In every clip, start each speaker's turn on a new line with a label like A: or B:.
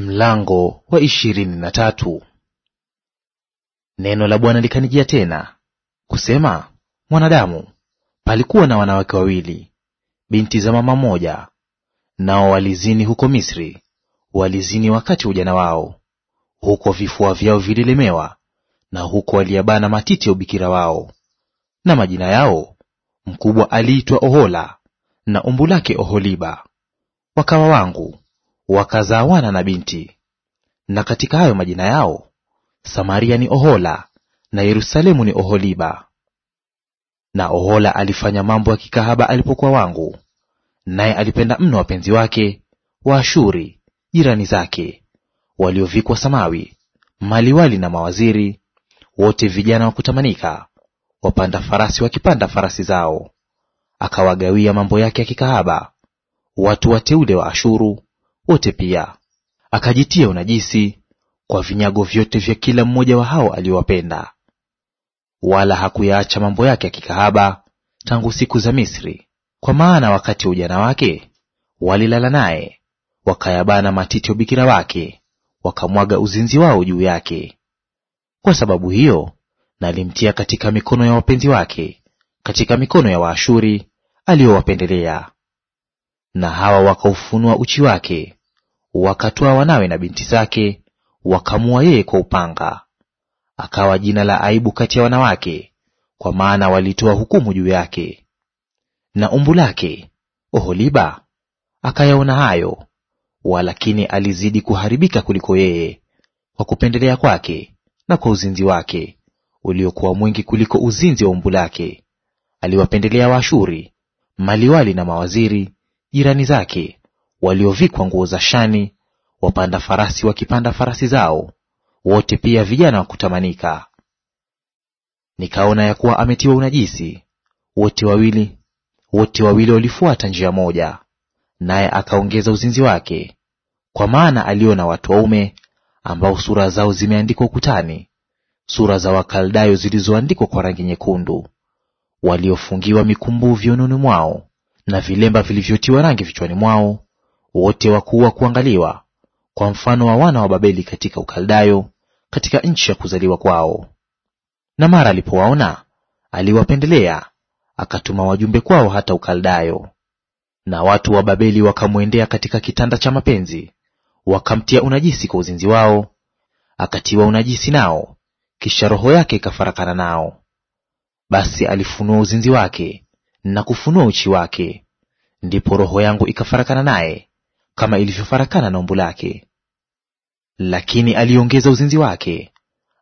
A: Mlango wa ishirini na tatu. Neno la Bwana likanijia tena kusema, mwanadamu, palikuwa na wanawake wawili binti za mama moja, nao walizini huko Misri, walizini wakati ujana wao, huko vifua vyao vililemewa, na huko waliyabana matiti ya ubikira wao. Na majina yao, mkubwa aliitwa Ohola na umbu lake Oholiba. Wakawa wangu wakazaa wana na binti. Na katika hayo majina yao Samaria ni Ohola na Yerusalemu ni Oholiba. Na Ohola alifanya mambo ya kikahaba alipokuwa wangu, naye alipenda mno wapenzi wake Waashuri jirani zake, waliovikwa samawi, maliwali na mawaziri, wote vijana wa kutamanika, wapanda farasi wakipanda farasi zao. Akawagawia mambo yake ya kikahaba watu wateule wa Ashuru wote pia. Akajitia unajisi kwa vinyago vyote vya kila mmoja wa hao aliowapenda. Wala hakuyaacha mambo yake ya kikahaba tangu siku za Misri, kwa maana wakati wa ujana wake walilala naye, wakayabana matiti ya ubikira wake, wakamwaga uzinzi wao juu yake. Kwa sababu hiyo nalimtia katika mikono ya wapenzi wake, katika mikono ya Waashuri aliowapendelea. Na hawa wakaufunua uchi wake wakatoa wanawe na binti zake, wakamua yeye kwa upanga. Akawa jina la aibu kati ya wanawake, kwa maana walitoa hukumu juu yake. Na umbu lake Oholiba akayaona hayo, walakini alizidi kuharibika kuliko yeye, kwa kupendelea kwake na kwa uzinzi wake uliokuwa mwingi kuliko uzinzi wa umbu lake. Aliwapendelea Waashuri, maliwali na mawaziri, jirani zake, waliovikwa nguo za shani, wapanda farasi wakipanda farasi zao, wote pia vijana wa kutamanika. Nikaona ya kuwa ametiwa unajisi, wote wawili wote wawili walifuata njia moja, naye akaongeza uzinzi wake, kwa maana aliona watu waume ambao sura zao zimeandikwa ukutani, sura za Wakaldayo zilizoandikwa kwa rangi nyekundu, waliofungiwa mikumbu viunoni mwao na vilemba vilivyotiwa rangi vichwani mwao, wote wakuu wa kuangaliwa, kwa mfano wa wana wa Babeli katika Ukaldayo, katika nchi ya kuzaliwa kwao. Na mara alipowaona aliwapendelea, akatuma wajumbe kwao hata Ukaldayo. Na watu wa Babeli wakamwendea katika kitanda cha mapenzi, wakamtia unajisi kwa uzinzi wao, akatiwa unajisi nao, kisha roho yake ikafarakana nao. Basi alifunua uzinzi wake na kufunua uchi wake, ndipo roho yangu ikafarakana naye kama ilivyofarakana na umbu lake. Lakini aliongeza uzinzi wake,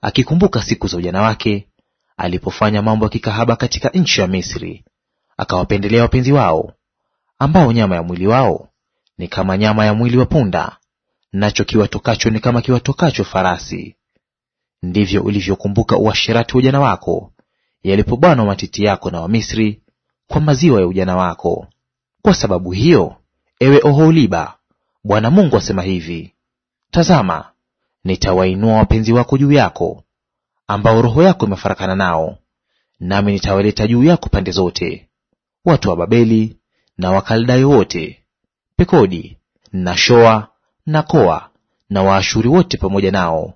A: akikumbuka siku za ujana wake, alipofanya mambo ya kikahaba katika nchi ya Misri, akawapendelea wapenzi wao, ambao nyama ya mwili wao ni kama nyama ya mwili wa punda, nacho kiwatokacho ni kama kiwatokacho farasi. Ndivyo ulivyokumbuka uasherati wa ujana wako, yalipobanwa matiti yako na Wamisri kwa maziwa ya ujana wako. Kwa sababu hiyo, ewe Oholiba, Bwana Mungu asema hivi, tazama, nitawainua wapenzi wako juu yako, ambao roho yako imefarakana nao, nami nitawaleta juu yako pande zote, watu wa Babeli na Wakaldayo wote, Pekodi na Shoa na Koa na Waashuri wote pamoja nao,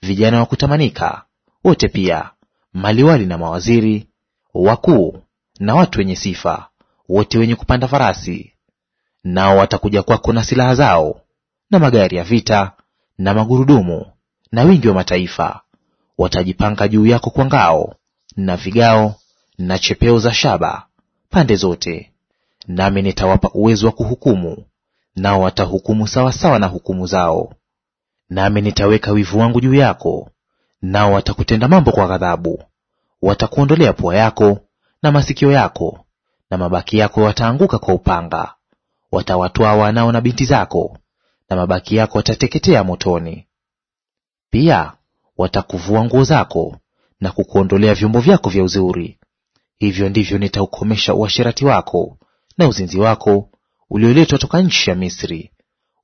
A: vijana wa kutamanika wote pia, maliwali na mawaziri wakuu na watu wenye sifa wote wenye kupanda farasi nao watakuja kwako na silaha zao na magari ya vita na magurudumu na wingi wa mataifa; watajipanga juu yako kwa ngao na vigao na chepeo za shaba pande zote. Nami nitawapa uwezo wa kuhukumu, nao watahukumu sawasawa na hukumu zao. Nami nitaweka wivu wangu juu yako, nao watakutenda mambo kwa ghadhabu; watakuondolea pua yako na masikio yako, na mabaki yako wataanguka kwa upanga watawatoa wanao na binti zako, na mabaki yako watateketea motoni. Pia watakuvua nguo zako na kukuondolea vyombo vyako vya uzuri. Hivyo ndivyo nitaukomesha uasherati wako na uzinzi wako ulioletwa toka nchi ya Misri,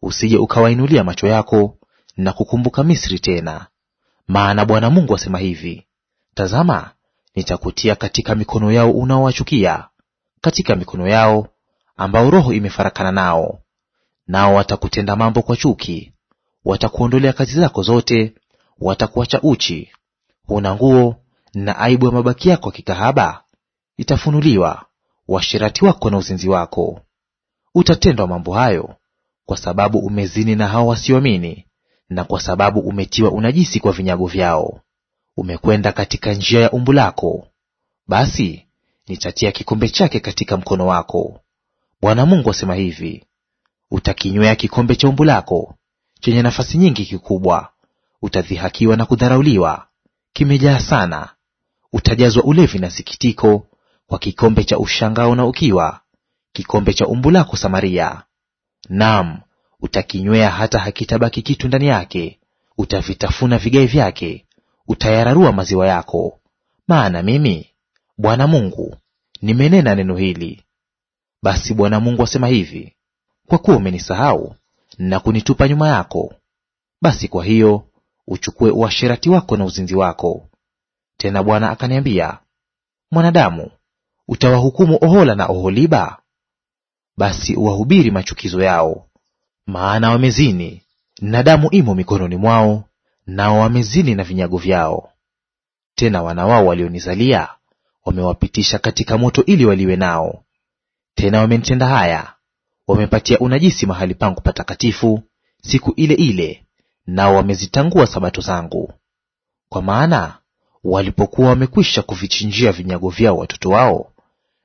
A: usije ukawainulia macho yako na kukumbuka Misri tena. Maana Bwana Mungu asema hivi: Tazama, nitakutia katika mikono yao unaowachukia, katika mikono yao ambao roho imefarakana nao, nao watakutenda mambo kwa chuki, watakuondolea kazi zako zote, watakuacha uchi, huna nguo, na aibu ya mabaki yako kikahaba itafunuliwa, washirati wako na uzinzi wako. Utatendwa mambo hayo kwa sababu umezini na hao wasioamini, na kwa sababu umetiwa unajisi kwa vinyago vyao. Umekwenda katika njia ya umbu lako, basi nitatia kikombe chake katika mkono wako. Bwana Mungu asema hivi, utakinywea kikombe cha umbu lako chenye nafasi nyingi kikubwa, utadhihakiwa na kudharauliwa, kimejaa sana. Utajazwa ulevi na sikitiko kwa kikombe cha ushangao na ukiwa, kikombe cha umbu lako Samaria. Naam, utakinywea hata hakitabaki kitu ndani yake, utavitafuna vigae vyake, utayararua maziwa yako. Maana mimi Bwana Mungu nimenena neno hili, basi Bwana Mungu asema hivi, kwa kuwa umenisahau na kunitupa nyuma yako, basi kwa hiyo uchukue uasherati wako na uzinzi wako. Tena Bwana akaniambia, mwanadamu, utawahukumu Ohola na Oholiba? Basi uwahubiri machukizo yao, maana wamezini na damu imo mikononi mwao, nao wamezini na vinyago vyao. Tena wana wao walionizalia wamewapitisha katika moto ili waliwe nao, tena wamenitenda haya, wamepatia unajisi mahali pangu patakatifu siku ile ile, nao wamezitangua sabato zangu. Kwa maana walipokuwa wamekwisha kuvichinjia vinyago vyao watoto wao,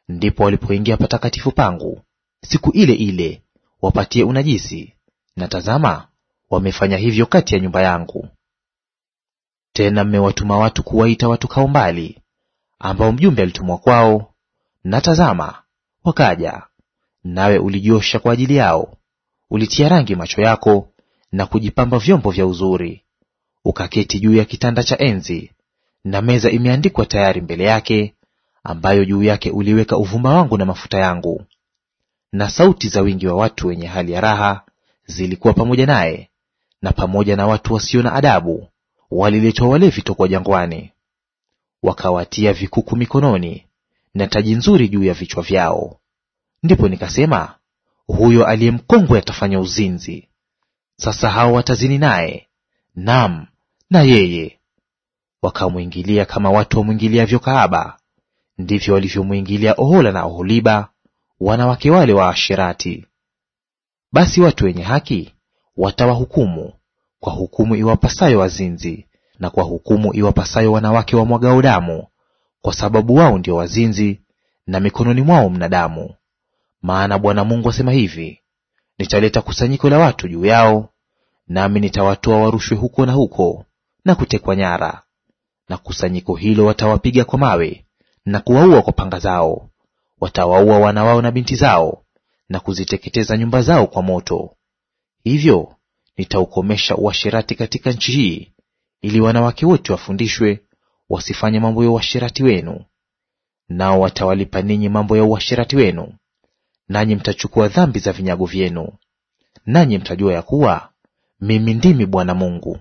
A: ndipo walipoingia patakatifu pangu siku ile ile wapatie unajisi; na tazama, wamefanya hivyo kati ya nyumba yangu. Tena mmewatuma watu kuwaita watu mbali, ambao mjumbe alitumwa kwao; na tazama, wakaja, nawe ulijiosha kwa ajili yao, ulitia rangi macho yako na kujipamba vyombo vya uzuri, ukaketi juu ya kitanda cha enzi, na meza imeandikwa tayari mbele yake, ambayo juu yake uliweka uvuma wangu na mafuta yangu. Na sauti za wingi wa watu wenye hali ya raha zilikuwa pamoja naye, na pamoja na watu wasio na adabu waliletwa walevi tokwa jangwani. Wakawatia vikuku mikononi na taji nzuri juu ya vichwa vyao. Ndipo nikasema, huyo aliye mkongwe atafanya uzinzi. Sasa hao watazini naye, nam na yeye. Wakamwingilia kama watu wamwingiliavyo vyokaaba ndivyo walivyomwingilia Ohola na Oholiba, wanawake wale waasherati. Basi watu wenye haki watawahukumu kwa hukumu iwapasayo wazinzi, na kwa hukumu iwapasayo wanawake wamwagao damu, kwa sababu wao ndio wazinzi na mikononi mwao mna damu. Maana Bwana Mungu asema hivi, nitaleta kusanyiko la watu juu yao, nami nitawatoa warushwe huko na huko na kutekwa nyara, na kusanyiko hilo watawapiga kwa mawe na kuwaua kwa panga zao, watawaua wana wao na binti zao, na kuziteketeza nyumba zao kwa moto. Hivyo nitaukomesha uasherati katika nchi hii, ili wanawake wote wafundishwe wasifanye mambo ya uasherati wenu, nao watawalipa ninyi mambo ya uasherati wenu, nanyi mtachukua dhambi za vinyago vyenu. Nanyi mtajua ya kuwa mimi ndimi Bwana Mungu.